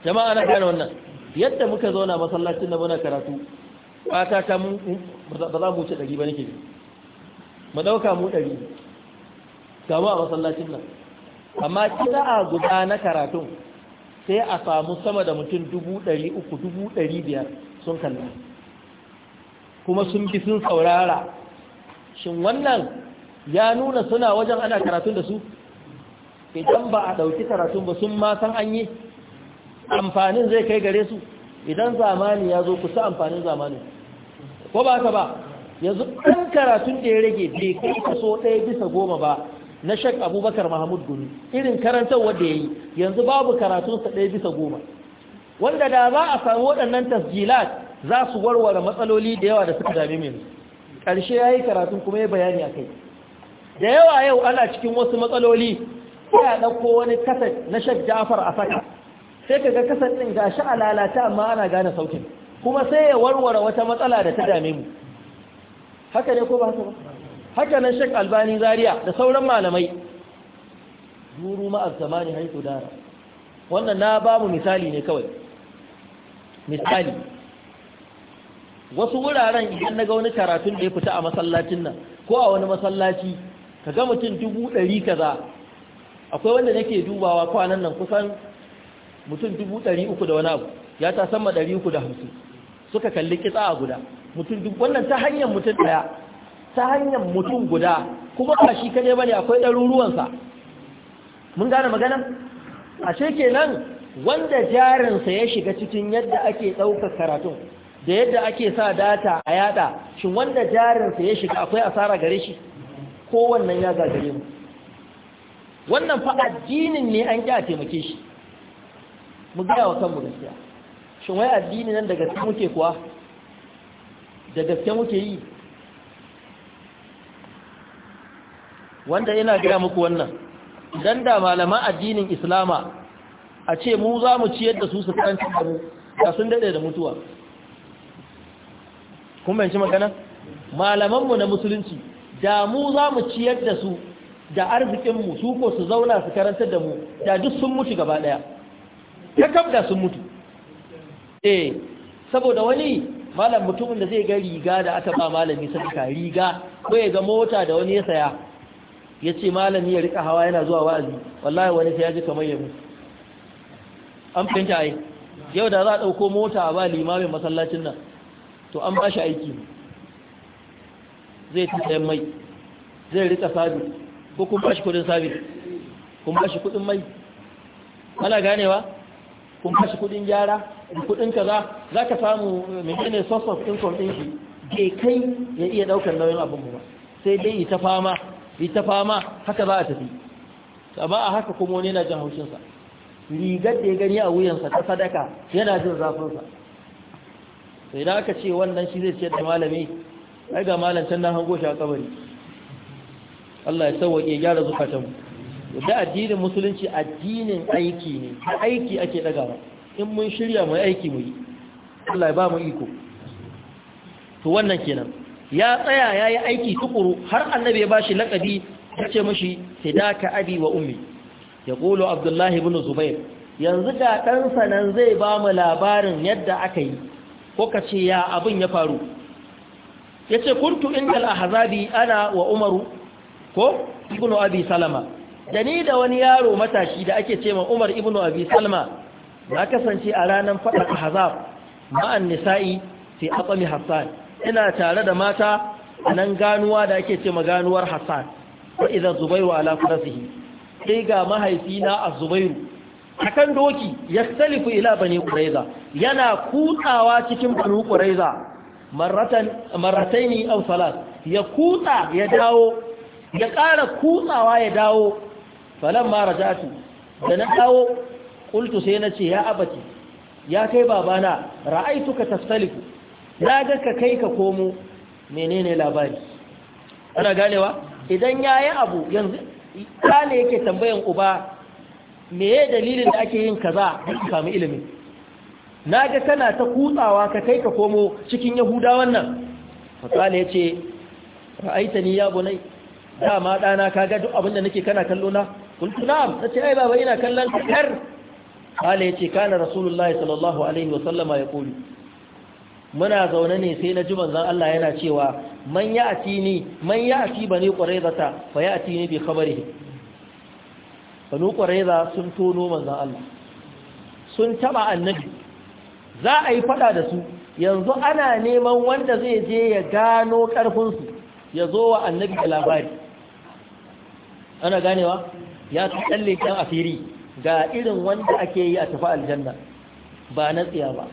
Speaker 1: jama'a na gane wannan yadda muka zauna masallacin da muna karatu fata ta mun ba za mu wuce ɗari ba nake mu ɗauka mu ɗari gamu a masallacin nan amma kira a guda na karatun sai a samu sama da mutum dubu ɗari uku dubu ɗari biyar sun kalla kuma sun bi sun saurara shin wannan ya nuna suna wajen ana karatun da su idan ba a ɗauki karatun ba sun ma san an yi amfanin zai kai gare su idan zamani ya zo ku sa amfanin zamani ko ba ta ba yanzu ɗan karatun da ya rage bai kai kaso ɗaya bisa goma ba na shek abubakar mahamud gumi irin karantar wanda ya yi yanzu babu karatunsa ɗaya bisa goma wanda da za a samu waɗannan tasjilat za su warware matsaloli da yawa da suka dame mai ƙarshe ya yi karatun kuma ya bayani a kai da yawa yau ana cikin wasu matsaloli ya ɗauko wani kasar na shak jafar a saka sai ka ga kasan ɗin ga shi a lalata amma ana gane sautin kuma sai ya warware wata matsala da ta dame mu haka ne ko ba haka ba haka nan shek albani zaria da sauran malamai duru ma'ar zamani haiku dara wannan na ba mu misali ne kawai misali wasu wuraren idan na ga wani karatun da ya fita a masallacin nan ko a wani masallaci ka ga mutum dubu ɗari kaza akwai wanda nake dubawa kwanan nan kusan mutum dubu ɗari uku da wani abu ya ta sama ɗari uku da hamsin suka kalli kitsa a guda mutum dubu wannan ta hanyar mutum ɗaya ta hanyar mutum guda kuma ba shi kaɗai ba ne akwai ɗaruruwansa mun gane magana A ashe kenan wanda jarinsa ya shiga cikin yadda ake ɗaukar karatun da yadda ake sa data a yada shi wanda jarinsa ya shiga akwai asara gare shi ko wannan ya gagare mu wannan fa addinin ne an ƙi a taimake shi mu gaya wa kanmu gaskiya shin wai addini nan da gaske muke kuwa da gaske muke yi wanda yana gaya muku wannan dan da malaman addinin islama a ce mu za mu ciyar da su su karanta da mu da sun daɗe da mutuwa kun bayanci magana malamanmu na musulunci da mu za mu ciyar da su da arzikinmu su ko su zauna su karantar da mu da duk sun mutu gaba ɗaya Ya kabda sun mutu eh saboda wani malam mutumin da zai ga riga da aka ba malami ka riga ko ya ga mota da wani ya saya ya ce malami ya rika hawa yana zuwa wa'azi wallahi wani sai ya ji kamar ya mutu an fanta ai yau da za a ɗauko mota a ba limamin masallacin nan to an ba shi aiki zai ta sayan mai zai rika sabi ko kun ba shi kudin sabi kun ba shi kudin mai ana ganewa kun kashi kudin gyara kudin kaza za ka samu eh, menene source of income ɗin shi bai kai ya iya ɗaukar nauyin abin ba sai dai yi ta fama yi ta fama haka za a tafi amma a haka kuma wani yana jin haushinsa rigar da ya gani a wuyansa ta sadaka yana jin zafinsa sai da aka ce wannan shi zai ce da malami ai ga malam can na hango shi a kabari Allah ya sauwaƙe gyara zukatanmu da addinin musulunci addinin aiki ne aiki ake dagawa in mun shirya mu aiki mu yi Allah ya ba mu iko to wannan kenan ya tsaya yayi aiki tukuru har annabi ya bashi laqabi yace mishi sidaka abi wa ummi Ya qulu abdullahi ibn zubair yanzu da dan sanan zai ba mu labarin yadda aka yi ko kace ya abin ya faru yace kuntu indal ahzabi ana wa umaru ko ibn abi salama da ni da wani yaro matashi da ake ce ma Umar ibn Abi Salma na kasance a ranar fadar Ahzab ma'an nisa'i fi aqami Hassan ina tare da mata a nan ganuwa da ake ce ma ganuwar Hassan wa idza Zubairu ala farasihi sai ga mahaifina a Zubairu akan doki yastalifu ila bani Quraiza yana kutsawa cikin bani Quraiza marratan marrataini aw salat ya kutsa ya dawo ya ƙara kutsawa ya dawo falan ma raja'atu da na kawo ƙultu sai na ce ya abati ya kai babana ra'aituka tastaliku na ga ka kai ka komo menene labari ana ganewa idan ya yi abu yanzu kane yake tambayan uba me ya dalilin da ake yin kaza a sami ilimi na ga tana ta kutsawa ka kai ka komo cikin yahuda wannan fatsala ya ce ra'aita ni ya bunai dama ɗana ka ga duk abinda nake kana kallo na qultu na'am nace ai baba ina kallon ka kar ya ce kana rasulullahi sallallahu alaihi wa sallama yaqulu muna zaune ne sai na ji manzon Allah yana cewa man ya'tini man ya'ti bani quraizata fa ya'tini bi khabarihi bani quraiza sun tono manzon Allah sun taba annabi za a yi fada da su yanzu ana neman wanda zai je ya gano karfin su ya zo wa annabi labari ana ganewa ya fi tsalle kyan asiri ga irin wanda ake yi a tafi aljanna ba na tsiya ba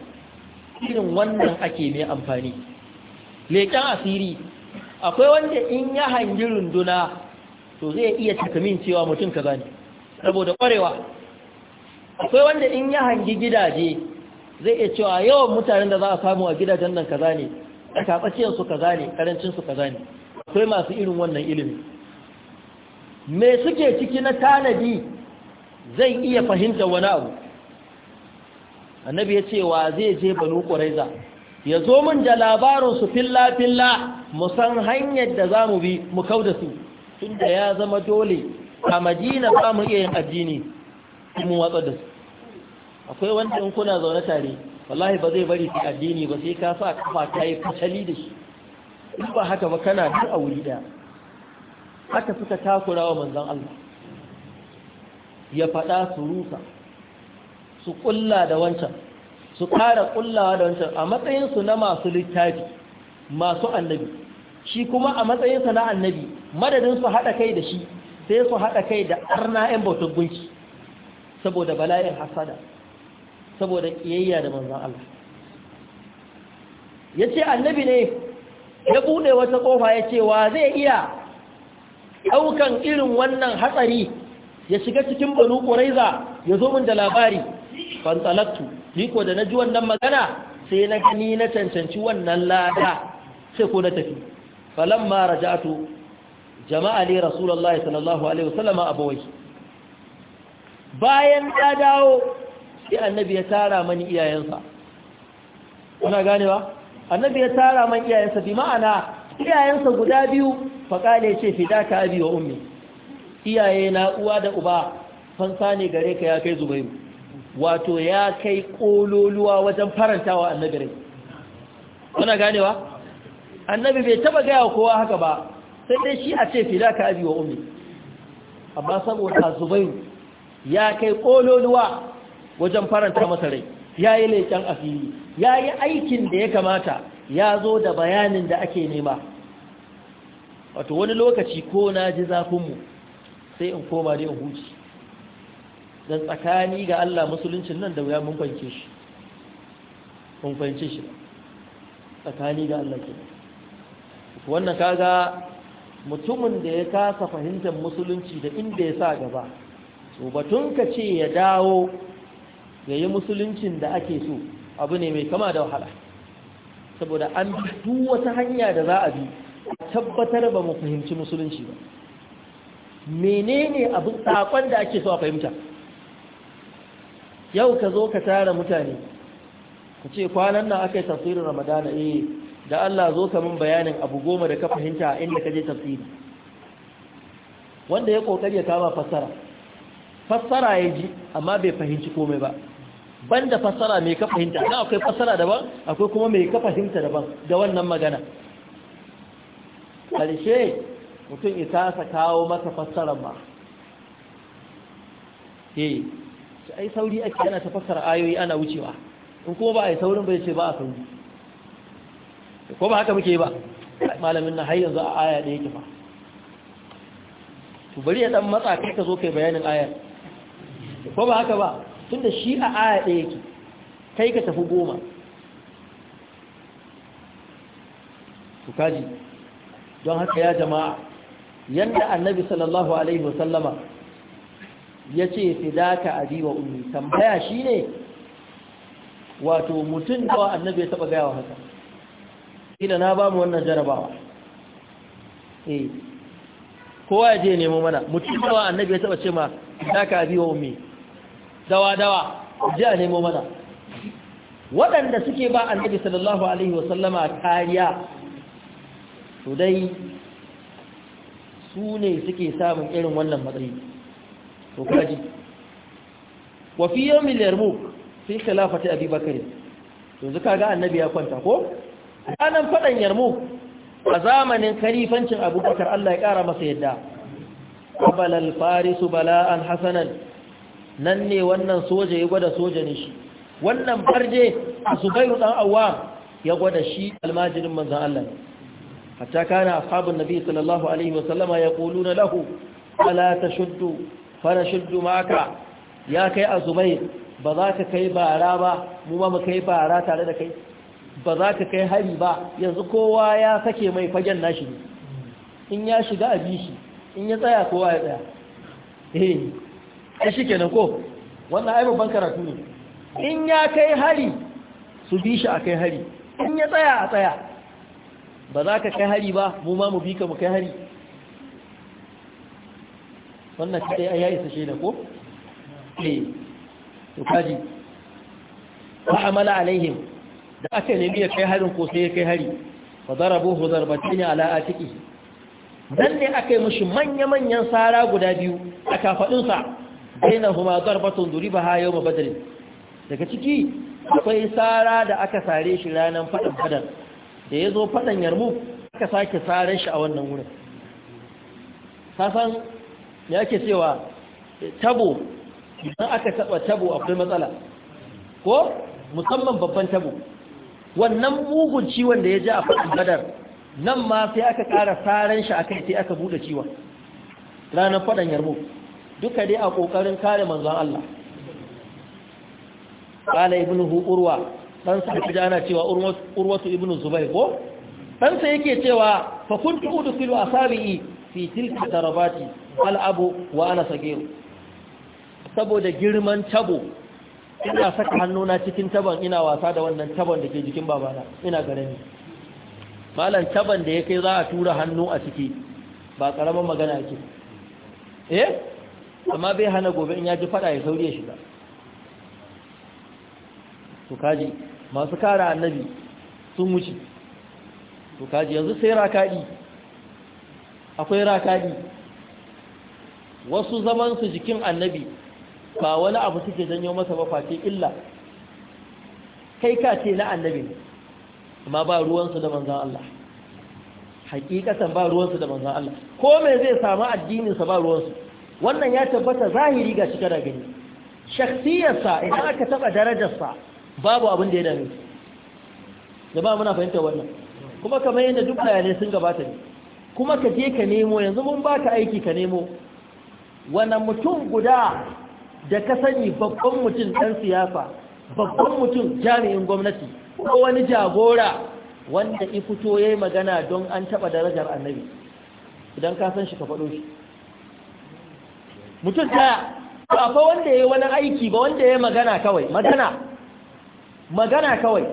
Speaker 1: irin wannan ake mai amfani leƙen asiri akwai wanda in ya hangi runduna to zai iya takamin cewa mutum ka ne saboda ƙwarewa akwai wanda in ya hangi gidaje zai iya cewa yawan mutanen da za a samu a gidajen nan ka ne a kaɓaciyarsu ka ne ƙarancinsu ka ne akwai masu irin wannan ilimin me suke ciki na tanadi zai iya fahimta wani abu annabi ya ce wa zai je banu ƙuraiza ya zo min da labarin su filla-filla san hanyar da za mu bi mu kau da su tun da ya zama dole a madina ba mu iya yin addini mu watsa da su akwai wanda in kuna zaune tare wallahi ba zai bari su addini ba sai ka sa kafa ta yi fashali da shi in ba haka ba kana duk a wuri daya aka suka takura wa manzan Allah ya faɗa su rusa su ƙulla da wancan su ƙara ƙullawa da wancan a matsayinsu na masu littafi masu annabi shi kuma a matsayinsa na annabi madadin su haɗa kai da shi sai su haɗa kai da arna 'yan bautar gunki saboda bala'in hasada saboda ƙiyayya da manzan Allah ya ce annabi ne ya buɗe wata ƙofa ya ce wa zai iya ɗaukan irin wannan hatsari ya shiga cikin banu ƙuraiza ya zo min da labari fantalattu ko da na ji wannan magana sai na gani na cancanci wannan lada sai ko na tafi falamma raja'atu jama'a ne ya sallallahu alaihi wasallama bawai. bayan ta dawo sai annabi ya tara mani iyayensa kuna ganewa annabi ya tara mani iyayensa bi ma'ana iyayensa guda biyu faƙale ce fi ka abi wa ummi iyaye na uwa da uba fansa ne gare ka ya kai zubairu wato ya kai ƙololuwa wajen farantawa annabi rai kuna ganewa annabi bai taba gaya kowa haka ba sai dai shi a ce fi ka abi wa ummi amma saboda zubairu ya kai ƙololuwa wajen faranta masa rai ya yi laifin asiri ya yi aikin da ya kamata ya zo da bayanin da ake nema wato wani lokaci ko na ji zafinmu sai in koma da in huci don tsakani ga Allah musuluncin nan da wuya mun fahimce shi shi tsakani ga Allah ke wannan kaga mutumin da ya kasa fahimtar musulunci da inda ya sa gaba so batun ka ce ya dawo ya yi musuluncin da ake so abu ne mai kama da wahala saboda an bi duk wata hanya da za a bi tabbatar ba mu fahimci musulunci ba menene abin sakon da ake so a fahimta yau ka zo ka tara mutane ka ce kwanan nan aka yi tafsirin ramadana eh da Allah zo ka min bayanin abu goma da ka fahimta inda ka je tafsiri wanda ya kokari ya kama fassara fassara ya ji amma bai fahimci komai ba banda fassara mai ka fahimta na akwai fassara daban akwai kuma mai ka fahimta daban da wannan magana ƙarshe mutum ya sa kawo masa fassarar ba ke eh, shi ai sauri ake yana ta fassara ayoyi ana wucewa in kuma ba a yi saurin bai ce ba a sauri ko ba haka muke ba malamin na har yanzu a aya da ke fa to bari ya dan matsa kai ka zo kai bayanin ayar ko ba haka ba tun da shi a aya da yake kai ka tafi goma don haka ya jama'a yadda annabi sallallahu alaihi wasallama ya ce fidaka abi wa ummi tambaya shi ne. wato mutum da annabi ya taba gaya wa haka kila na ba mu wannan jarabawa eh kowa ya je nemo mana mutum da annabi ya taba ce ma fidaka abi wa ummi dawa dawa je a nemo mana waɗanda suke ba annabi sallallahu alaihi wasallama kariya to dai su ne suke samun irin wannan matsayi to kaji wa fi yawmil yarmuk fi khilafati abi bakr yanzu ga annabi ya kwanta ko anan fadan yarmuk a zamanin khalifancin abubakar Allah ya kara masa yadda qabala al-faris bala'an hasanan nan ne wannan soja ya gwada soja ne shi wannan barje a dan awwam ya gwada shi almajirin manzon Allah hatta kana ashabun nabi sallallahu alaihi wasallama yaquluna lahu ala tashuddu fara shuddu ma'aka ya kai azubair ba za ka kai bara ba mu ma mu kai bara tare da kai ba za ka kai hari ba yanzu kowa ya sake mai fagen nashi ne in ya shiga a bishi in ya tsaya kowa ya tsaya eh ai shikenan ko wannan ai karatu ne in ya kai hari su bishi a kai hari in ya tsaya a tsaya ba za ka kai hari ba mu ma mu bi ka mu kai hari wannan shi ai ya isa shaida ko eh to kaji wa amala alaihim da aka nemi ya kai harin ko sai ya kai hari fa darabuhu darbatin ala atiki dan ne aka yi mishi manya-manyan sara guda biyu a kafadunsa huma darbatun duribaha yawm badr daga ciki akwai sara da aka sare shi ranan fadan badar da ya zo faɗan yarmu aka sake tsarin shi a wannan wurin sasan ya ke cewa tabo idan aka taɓa tabo akwai matsala ko musamman babban tabo wannan mugun ciwon da ya ji a faɗin gadar nan ma sai aka ƙara tsarin shi a kai sai aka buɗe ciwon ranar faɗan yarmu duka dai a ƙoƙarin kare manzon Allah قال ابنه hu'urwa dan sa fija ana cewa urwatu ibnu zubair ko dan sa yake cewa fa kuntu udkhilu asabi'i fi tilka tarabati al'abu wa ana sagiru saboda girman tabo ina saka hannuna cikin taban ina wasa da wannan taban da ke jikin babana ina garani malan taban da ya kai za a tura hannu a ciki ba karamin magana ake eh amma bai hana gobe in ya ji fada ya sauri ya shiga to kaji masu kara annabi sun wuce to kaji yanzu sai rakadi akwai rakadi wasu zaman su jikin annabi ba wani abu suke janyo masa ba face illa kai ka ce na annabi amma ba ruwansu da manzan Allah hakikatan ba ruwansu da manzan Allah ko me zai samu addininsa ba ruwansu wannan ya tabbata zahiri ga shi kada gani shakhsiyarsa idan aka taba darajarsa babu abin da ya dame da ba muna fahimta wannan kuma kamar yadda duk bayanai sun gabata ne kuma ka je ka nemo yanzu mun baka aiki ka nemo wanda mutum guda da ka sani babban mutum ɗan siyasa babban mutum jami'in gwamnati ko wani jagora wanda i fito ya yi magana don an taɓa darajar annabi idan ka san shi ka faɗo shi mutum ta ba fa wanda ya yi wani aiki ba wanda ya yi magana kawai magana magana kawai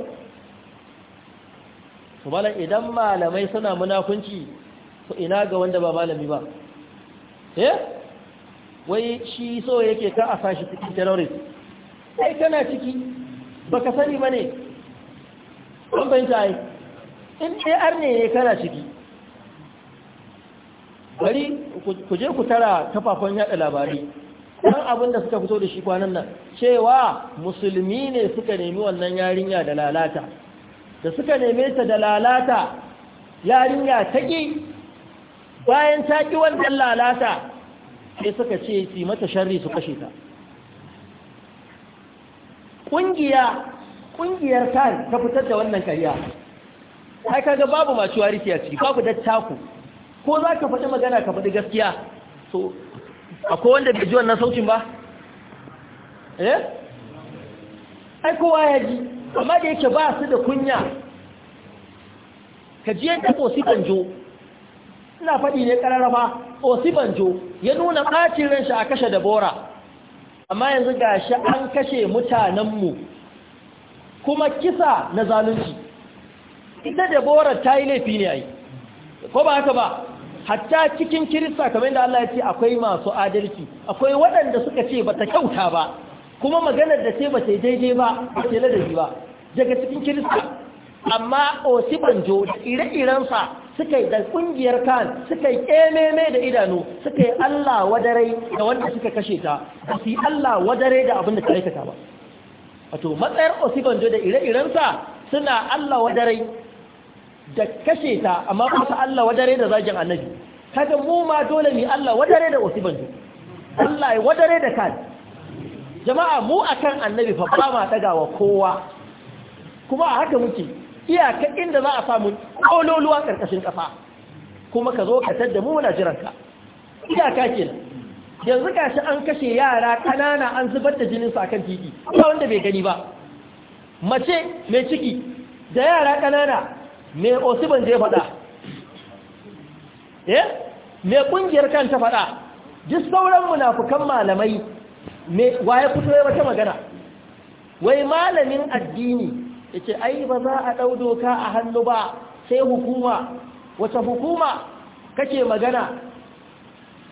Speaker 1: su malam idan malamai suna munafunci su ina ga wanda ba malami ba eh wai shi so yake ka a sashi cikin terrorist ai kana ciki baka sani ba ne ban fahimta ai in ar ne ne kana ciki bari ku je ku tara kafafan yada labari. dan abin da suka fito da shi kwanan nan cewa musulmi ne suka nemi wannan yarinya da lalata da suka neme ta da lalata yarinya ta ƙi bayan ta ƙi wannan lalata sai suka ce su mata sharri su kashe ta ƙungiya ƙungiyar ta ta fitar da wannan kariya ta kaga babu masu wariki ciki babu dattaku ko za ka faɗi magana ka faɗi gaskiya akwai wanda bai ji wannan sautin ba eh ai kowa ya ji amma da yake ba su da kunya ka ji yadda Osi Banjo, ina faɗi ne ƙararrafa Osi Banjo ya nuna ɓacin shi a kashe Dabora. bora amma yanzu ga shi an kashe mutanenmu kuma kisa na zalunci ita da bora ta yi laifi ne ai ko ba haka ba hatta cikin kirista kamar da Allah ya ce akwai masu adalci akwai waɗanda suka ce ba ta kyauta ba kuma maganar da ce bata daidai ba ba ce ladabi ba daga cikin kirista amma osibanjo da ire-irensa suka da ƙungiyar kan suka yi ƙememe da idanu suka yi Allah wadare da wanda suka kashe ta ba su yi Allah wadare da abin da ta aikata ba wato matsayar osibanjo da ire-irensa suna Allah wadare da kashe ta amma kuma Allah wadare da zagin annabi kaga mu ma dole ne Allah wadare da wasu banzu Allah ya wadare da kan jama'a mu akan annabi fa ba ma wa kowa kuma a haka muke iyaka inda za a samu kololuwa karkashin kafa kuma ka zo ka tadda mu muna jiran ka iyaka kenan yanzu kashi an kashe yara kanana an zubar da jinin su akan titi ba wanda bai gani ba mace mai ciki da yara kanana me osiban je faɗa eh me ƙungiyar ta faɗa duk sauran munafukan malamai me waye fito ya wata magana wai malamin addini yace ai ba za a ɗau doka a hannu ba sai hukuma wata hukuma kake magana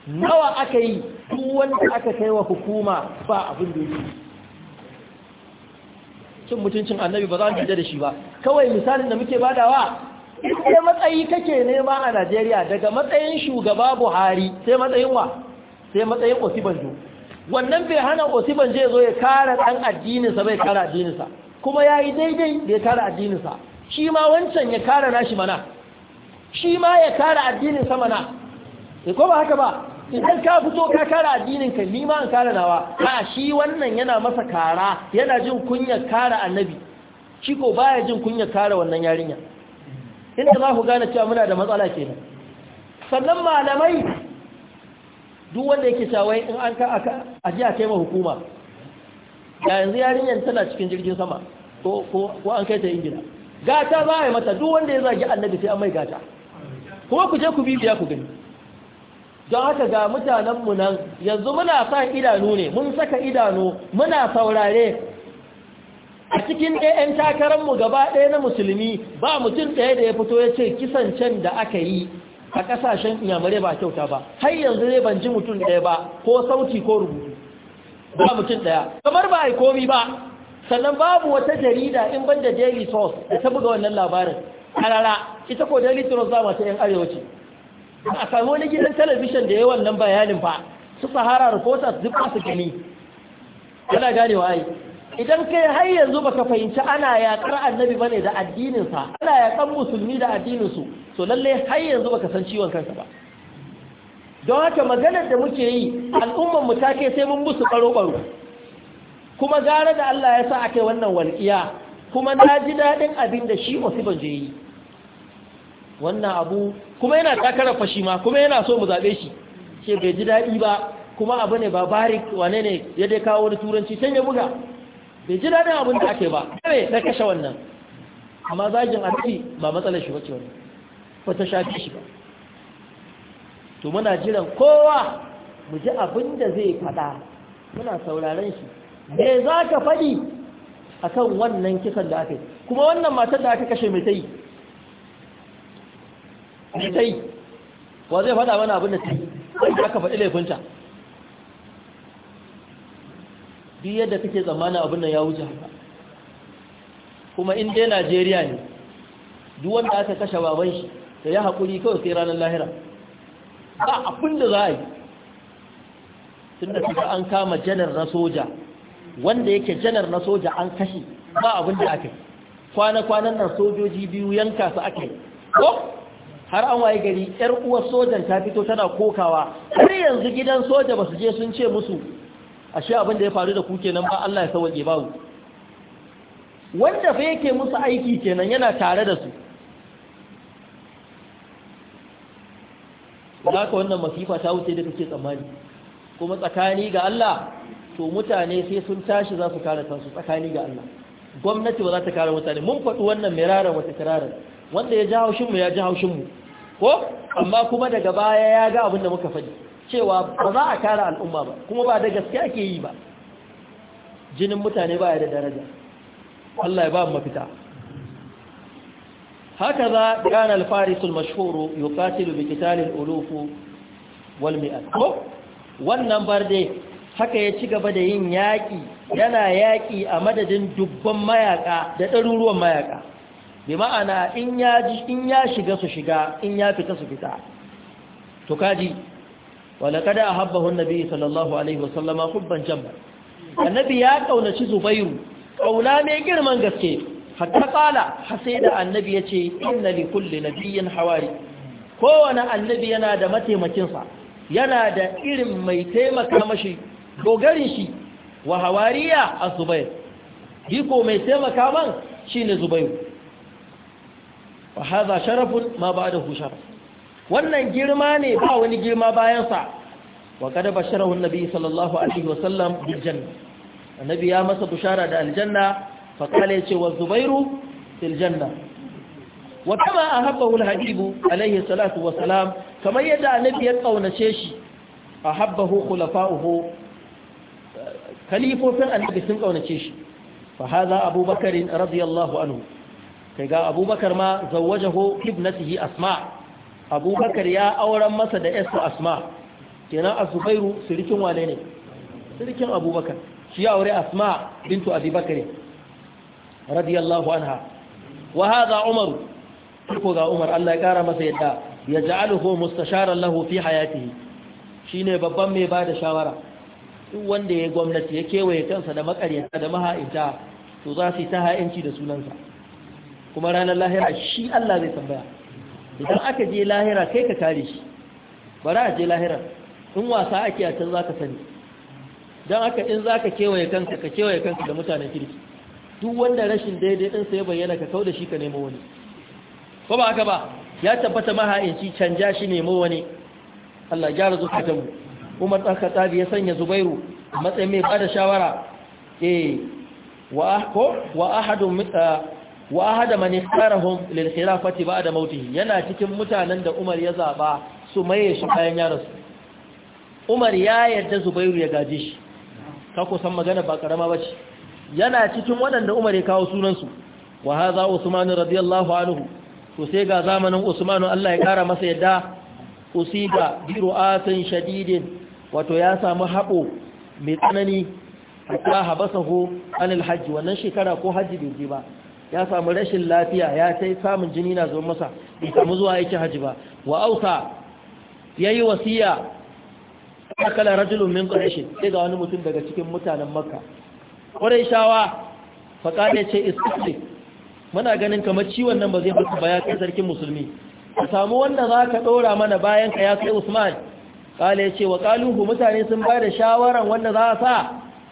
Speaker 1: nawa aka yi duk wanda aka kai wa hukuma ba abin da yake cin mutuncin annabi ba za mu da shi ba kawai misalin da muke badawa sai matsayi kake nema a Najeriya daga matsayin shugaba Buhari sai matsayin wa sai matsayin Osibanjo wannan bai hana Osibanjo ya zo ya kare dan addinin sa bai kare addinin sa kuma yayi daidai bai kare addinin sa shi ma wancan ya kare nashi mana shi ma ya kare addinin sa mana eh, ko ba haka ba idan ka fito ka kara addinin ka ni ma an kara nawa a shi wannan yana masa kara yana jin kunyar kara annabi shi ko baya jin kunyar kara wannan yarinya inda za ku gane cewa muna da matsala kenan sannan malamai duk wanda yake shawai in an ka aka aji a kai hukuma da yanzu yarinyar tana cikin jirgin sama ko ko an kai ta ingila gata za a yi mata duk wanda ya zagi annabi sai an mai gata kuma ku je ku bibiya ku gani don haka ga mutanenmu nan yanzu muna sa idanu ne mun saka idanu muna saurare a cikin ɗayan takararmu gaba ɗaya na musulmi ba mutum ɗaya da ya fito ya ce kisan can da aka yi a ƙasashen inyamurai ba kyauta ba har yanzu ne ban ji mutum ɗaya ba ko sauti ko rubutu ba mutum ɗaya kamar ba a yi komi ba sannan babu wata jarida in ban da daily source da ta buga wannan labarin A rara, ita ko daily source za masu yan arewaci a samu wani gidan talabishin da ya wannan bayanin ba su sahara reporters duk ba su gani yana ganewa ai idan kai har yanzu baka fahimci ana yakar annabi bane da addininsa ana yakar musulmi da su to lalle har yanzu baka san ciwon kansa ba don haka maganar da muke yi al'ummar mu ta kai sai mun musu baro baro kuma gara da Allah ya sa akai wannan walƙiya kuma na ji daɗin abin da shi musu ban je yi wannan abu kuma yana takarar fashi ma kuma yana so mu zaɓe shi ce bai ji daɗi ba kuma abu ne babarik wane ne ya dai kawo wani turanci sai ya buga bai ji daɗin abin da ake ba kare na kashe wannan amma zagin annabi ba matsalar shi wani ba ta shafi shi ba to muna jiran kowa mu ji abin da zai faɗa muna sauraron shi me za ka faɗi akan wannan kisan da aka yi kuma wannan matar da aka kashe mai ta yi ne ta yi wa zai faɗa mana abin da ta yi wanda aka faɗi laifinta duk yadda kake tsammanin abin da ya wuce haka kuma in dai najeriya ne duk wanda aka kashe baban shi da ya haƙuri kawai sai ranar lahira ba abin da za a yi tun da suka an kama janar na soja wanda yake janar na soja an kashe ba abin da aka yi kwana-kwanan nan sojoji biyu yanka su aka yi ko har an waye gari yar uwar sojan ta fito tana kokawa har yanzu gidan soja ba su je sun ce musu ashe abin da ya faru da ku kenan ba Allah ya sauke ku wanda fa yake musu aiki kenan yana tare da su ka wannan masifa ta wuce da kake tsammani kuma tsakani ga Allah to mutane sai sun tashi za su kare kansu tsakani ga Allah gwamnati ba za ta kare mutane mun faɗi wannan miraran wata kirarar wanda ya ji haushinmu ya ji haushinmu ko amma kuma daga baya ya ga abin da muka faɗi cewa ba za a kare al'umma ba kuma ba da gaske ake yi ba jinin mutane baya da daraja Allah ya ba mafita haka za kana al-farisul mashhuru yuqatilu bi qitalil uluf wal mi'at ko wannan barde haka ya ci gaba da yin yaƙi yana yaƙi a madadin dubban mayaƙa da ɗaruruwan mayaƙa bi ma'ana in ya ji in ya shiga su shiga in ya fita su fita to kaji wala kada ahabbahu annabi sallallahu alaihi wasallam hubban jamma annabi ya kaunaci zubairu kauna mai girman gaske hatta qala da annabi yace inna li kulli nabiyyin hawari kowane annabi yana da mataimakinsa yana da irin mai taimaka mashi dogarin shi wa hawariya a zubair biko mai taimaka man shine zubairu wahaza sharafun ma wannan girma ne ba wani girma bayan sa wa kada sallallahu alaihi annabi ya masa bushara da aljanna fa kale ce wa zubairu fil wa kama ahabbahu alaihi salatu kamar yadda annabi ya kaunace shi ahabbahu khulafa'uhu kalifofin annabi sun kaunace shi fa hadha abubakar radiyallahu anhu kai ga abubakar ma zawwajahu ibnatihi asma abubakar ya auren masa da yasu asma kenan azubairu sirikin wane ne sirikin abubakar shi ya aure asma bintu abubakar radiyallahu anha wa hadha umar ko ga umar Allah ya kara masa yadda ya ja'aluhu mustasharan lahu fi hayatihi shine babban mai ba da shawara duk wanda ya gwamnati ya kewaye kansa da makaryata da maha'inta to za su yi ta ha'inci da sunansa kuma ranar lahira shi Allah zai tambaya idan aka je lahira kai ka kare shi bari a je lahira in wasa ake a can za ka sani don aka in za ka kewaye kanka ka kewaye kanka da mutanen kirki duk wanda rashin daidai din ya bayyana ka kau da shi ka nemo wani ko ba haka ba ya tabbata maha'inci canja shi nemo wani Allah gyara mu umar ɗan katsabi ya sanya zubairu a matsayin mai bada shawara eh wa ahadun eh, wa hada man ikhtarahum lil khilafati ba'da mautihi yana cikin mutanen da Umar ya zaba su maye shi bayan ya rasu Umar ya yarda Zubairu ya gaje shi ka ku san magana ba karama bace yana cikin waɗanda Umar ya kawo sunan su wa hadha Uthman radiyallahu anhu to sai ga zamanin Usman Allah ya kara masa yadda usiba bi ru'atin shadidin wato ya samu habo mai tsanani hatta habasahu anil hajji wannan shekara ko hajji bai je ba ya samu rashin lafiya ya sai samun jini na zo masa in samu zuwa yake hajji ba wa ya yi wasiya kala rajulun min quraish sai ga wani mutum daga cikin mutanen makka quraishawa faqale ce istisli muna ganin kamar ciwon nan ba zai mutu ba ya kai sarkin musulmi ka samu wanda za ka ɗora mana bayan ka ya kai usman Ƙala ya ce wa ƙaluhu mutane sun ba da shawaran wanda za a sa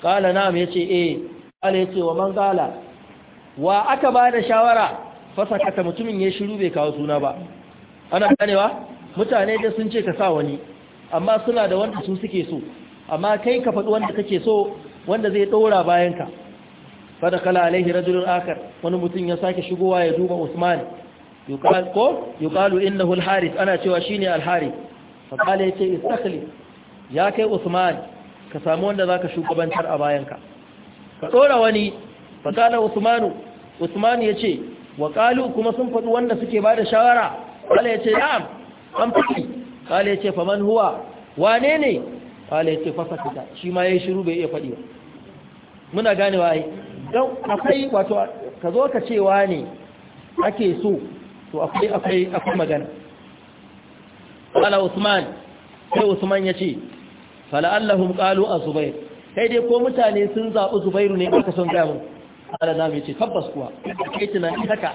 Speaker 1: Ƙala na ya ce eh kala ya ce wa man kala wa aka ba da shawara fasakata mutumin ya shiru bai kawo suna ba ana ganewa mutane da sun ce ka sa wani amma suna da wanda su suke so amma kai ka faɗi wanda kake so wanda zai ɗora bayan ka fada kala alaihi rajulun akar wani mutum ya sake shigowa ya duba usman ko yuqalu innahu al ana cewa shine al-harith fa kala yace istakhli ya kai usman ka samu wanda zaka shugabantar a bayan ka ka ɗora wani fakala usmanu usman ya ce wa qalu kuma sun faɗi wanda suke ba da shawara ƙwale ya ce na'am an faɗi ƙwale ya ce man huwa wane ne ƙwale ya ce fasa shi ma ya yi shiru bai iya faɗi ba muna ganewa ai don akwai wato ka zo ka ce wane ake so to akwai akwai akwai magana kala usman sai usman ya ce allahum ƙalu a kai dai ko mutane sun zaɓi zubairu ne aka son mu ala na ce tabbas kuwa kai tunani haka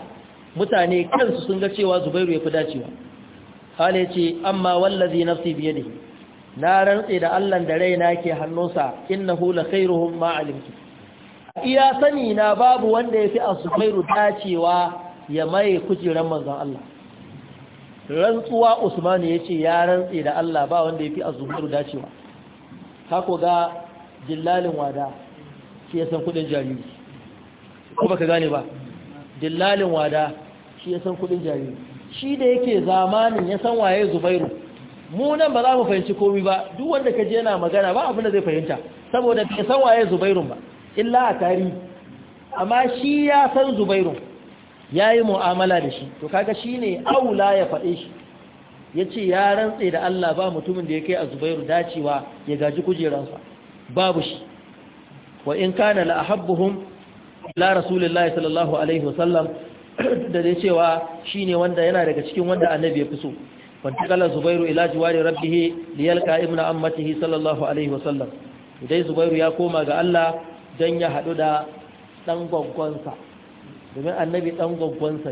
Speaker 1: mutane kansu sun ga cewa zubairu ya fi dacewa ya ce amma wallazi nafsi biyadihi na rantse da Allah da raina ke hannunsa innahu la khairuhum ma alimtu iya sani na babu wanda yafi asubairu dacewa ya mai kujiran manzon Allah rantsuwa Usman ya ce ya rantse da Allah ba wanda yafi asubairu dacewa kako ga jillalin wada shi ya san kudin jariri ko baka gane ba dillalin wada shi ya san kudin jariri shi da yake zamanin ya san waye zubairu mu nan ba za mu fahimci komai ba duk wanda ka je yana magana ba abin da zai fahimta saboda ya san waye zubairu ba illa a tarihi amma shi ya san zubairu yayi mu'amala da shi to kaga shine aula ya faɗe shi yace ya rantse da Allah ba mutumin da ya kai a zubairu dacewa ya gaji kujeransa babu shi wa in kana la ahabbuhum la rasulullahi sallallahu alaihi wasallam da dai cewa shine wanda yana daga cikin wanda annabi ya fi so fantakala zubairu ila jiwari rabbih liyalqa ibna ammatihi sallallahu alaihi wasallam dai zubairu ya koma ga Allah dan ya hadu da dan gaggonsa domin annabi dan gaggonsa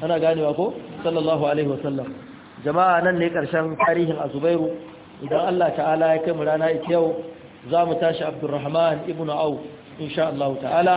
Speaker 1: ana ganewa ko sallallahu alaihi wasallam jama'a nan ne karshen tarihin azubairu idan Allah ta'ala ya kai mu rana ita yau za mu tashi abdurrahman ibnu au insha Allah ta'ala